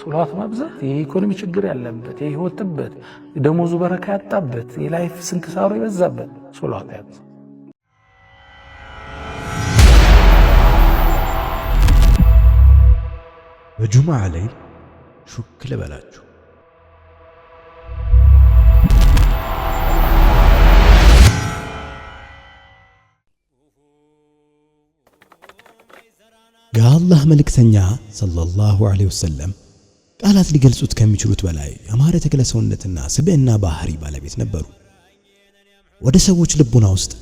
ሶላት ማብዛት የኢኮኖሚ ችግር ያለበት የህይወት ጥበት ደሞዙ በረካ ያጣበት የላይፍ ስንክሳሩ የበዛበት ሶላት ያብዛ። በጁማ ላይ ሹክ ልበላችሁ የአላህ መልእክተኛ ሰለላሁ ዐለይሂ ወሰለም ቃላት ሊገልጹት ከሚችሉት በላይ ያማረ ተክለ ሰውነትና ስብዕና ባህሪ ባለቤት ነበሩ። ወደ ሰዎች ልቡና ውስጥ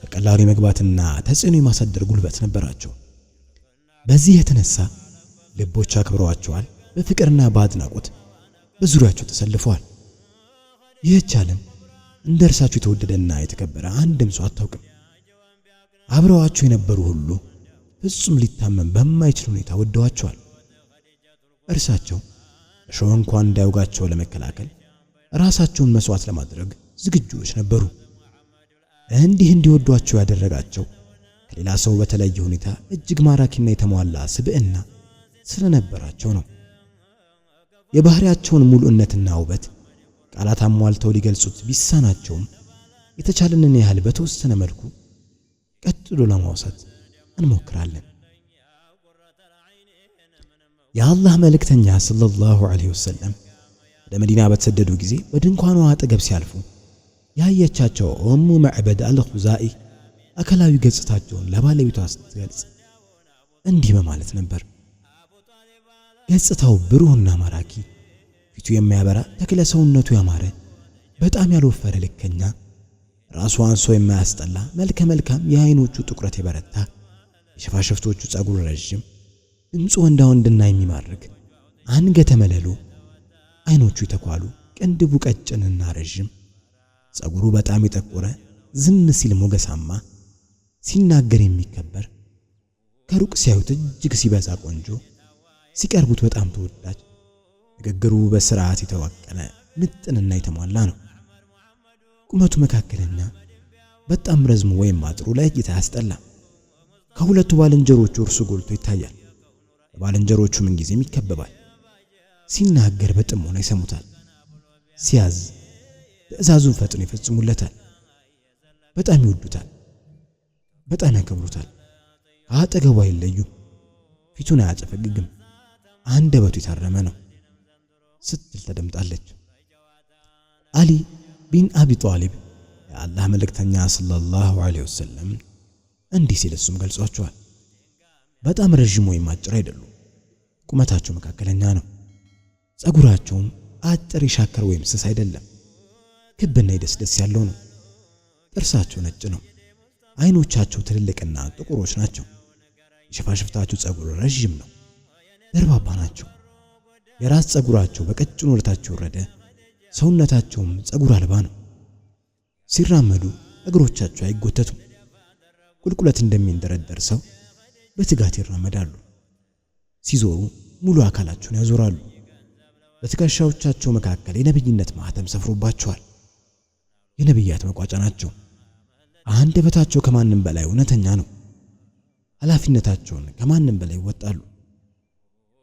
በቀላሉ የመግባትና ተጽዕኖ የማሳደር ጉልበት ነበራቸው። በዚህ የተነሳ ልቦች አክብረዋቸዋል፣ በፍቅርና በአድናቆት በዙሪያቸው ተሰልፈዋል። ይህች ዓለም እንደ እርሳቸው የተወደደና የተከበረ አንድም ሰው አታውቅም። አብረዋቸው የነበሩ ሁሉ ፍጹም ሊታመን በማይችል ሁኔታ ወደዋቸዋል። እርሳቸው እሾህ እንኳን እንዳይወጋቸው ለመከላከል ራሳቸውን መስዋዕት ለማድረግ ዝግጁዎች ነበሩ። እንዲህ እንዲወዷቸው ያደረጋቸው ከሌላ ሰው በተለየ ሁኔታ እጅግ ማራኪና የተሟላ ስብዕና ስለነበራቸው ነው። የባህሪያቸውን ሙሉእነትና ውበት ቃላት አሟልተው ሊገልጹት ቢሳናቸውም የተቻለንን ያህል በተወሰነ መልኩ ቀጥሎ ለማውሳት እንሞክራለን። የአላህ መልእክተኛ ሰለላሁ ዐለይሂ ወሰለም ወደ መዲና በተሰደዱ ጊዜ በድንኳኑ አጠገብ ሲያልፉ ያየቻቸው ኡሙ መዕበድ አልኹዛኢ አካላዊ ገጽታቸውን ለባለቤቷ ስትገልጽ እንዲህ በማለት ነበር። ገጽታው ብሩህና ማራኪ፣ ፊቱ የማያበራ ተክለ ሰውነቱ ያማረ፣ በጣም ያልወፈረ ልከኛ፣ ራሱ አንሶ የማያስጠላ መልከ መልካም፣ የአይኖቹ ጥቁረት የበረታ የሸፋሸፍቶቹ ጸጉር ረዥም፣ ድምፁ ወንዳ ወንድና የሚማርክ አንገተ መለሉ፣ አይኖቹ የተኳሉ፣ ቅንድቡ ቀጭንና ረዥም፣ ጸጉሩ በጣም የጠቆረ ዝም ሲል ሞገሳማ፣ ሲናገር የሚከበር ከሩቅ ሲያዩት እጅግ ሲበዛ ቆንጆ፣ ሲቀርቡት በጣም ተወዳጅ፣ ንግግሩ በስርዓት የተዋቀለ ምጥንና የተሟላ ነው። ቁመቱ መካከለኛ፣ በጣም ረዝሙ ወይም አጥሩ ለእይታ አያስጠላም። ከሁለቱ ባልንጀሮቹ እርሱ ጎልቶ ይታያል። ባልንጀሮቹ ጊዜም ይከበባል። ሲናገር በጥሞና ይሰሙታል። ሲያዝ ትእዛዙን ፈጥኖ ይፈጽሙለታል። በጣም ይወዱታል፣ በጣም ያከብሩታል። አጠገቡ አይለዩም። ፊቱን አያጨፈግግም። አንደበቱ የታረመ ነው ስትል ተደምጣለች። አሊ ቢን አቢ ጣሊብ የአላህ መልእክተኛ ሰለላሁ ዐለይሂ ወሰለም እንዲህ ሲል እሱም ገልጿቸዋል። በጣም ረዥም ወይም አጭር አይደሉም። ቁመታቸው መካከለኛ ነው። ጸጉራቸውም አጭር የሻከር ወይም ስስ አይደለም። ክብና ይደስደስ ያለው ነው። ጥርሳቸው ነጭ ነው። አይኖቻቸው ትልልቅና ጥቁሮች ናቸው። የሽፋሽፍታቸው ጸጉር ረዥም ነው። ደርባባ ናቸው። የራስ ጸጉራቸው በቀጭኑ ወደታች ወረደ። ሰውነታቸውም ጸጉር አልባ ነው። ሲራመዱ እግሮቻቸው አይጎተቱም። ቁልቁለት እንደሚንደረደር ሰው በትጋት ይራመዳሉ። ሲዞሩ ሙሉ አካላቸውን ያዞራሉ። በትከሻዎቻቸው መካከል የነብይነት ማህተም ሰፍሮባቸዋል። የነብያት መቋጫ ናቸው። አንደበታቸው ከማንም በላይ እውነተኛ ነው። ኃላፊነታቸውን ከማንም በላይ ይወጣሉ።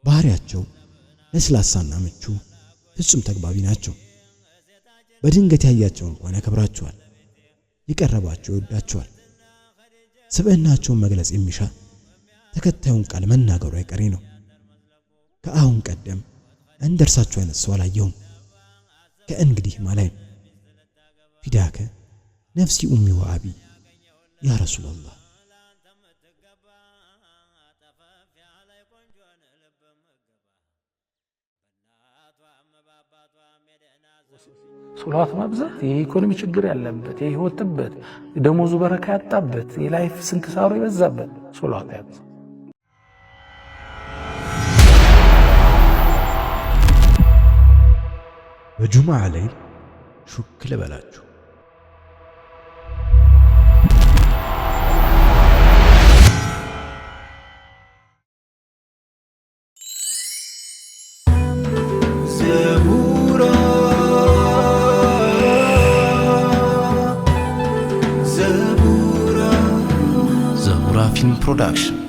ባህሪያቸው ለስላሳና ምቹ፣ ፍጹም ተግባቢ ናቸው። በድንገት ያያቸው እንኳን ያከብራቸዋል። የቀረባቸው ይወዳቸዋል። ስብዕናቸውን መግለጽ የሚሻ ተከታዩን ቃል መናገሩ አይቀሬ ነው። ከአሁን ቀደም እንደ እርሳቸው አይነት ሰው አላየሁም። ከእንግዲህ ማላይ ፊዳከ ነፍሲ ኡሚ ወአቢ ያ ረሱላላህ ሶላት ማብዛት የኢኮኖሚ ችግር ያለበት የህይወት ጥበት ደሞዙ በረካ ያጣበት የላይፍ ስንክሳሩ የበዛበት ሶላት ያብዛ። በጁማ ላይ ሹክ ልበላችሁ። Film Production.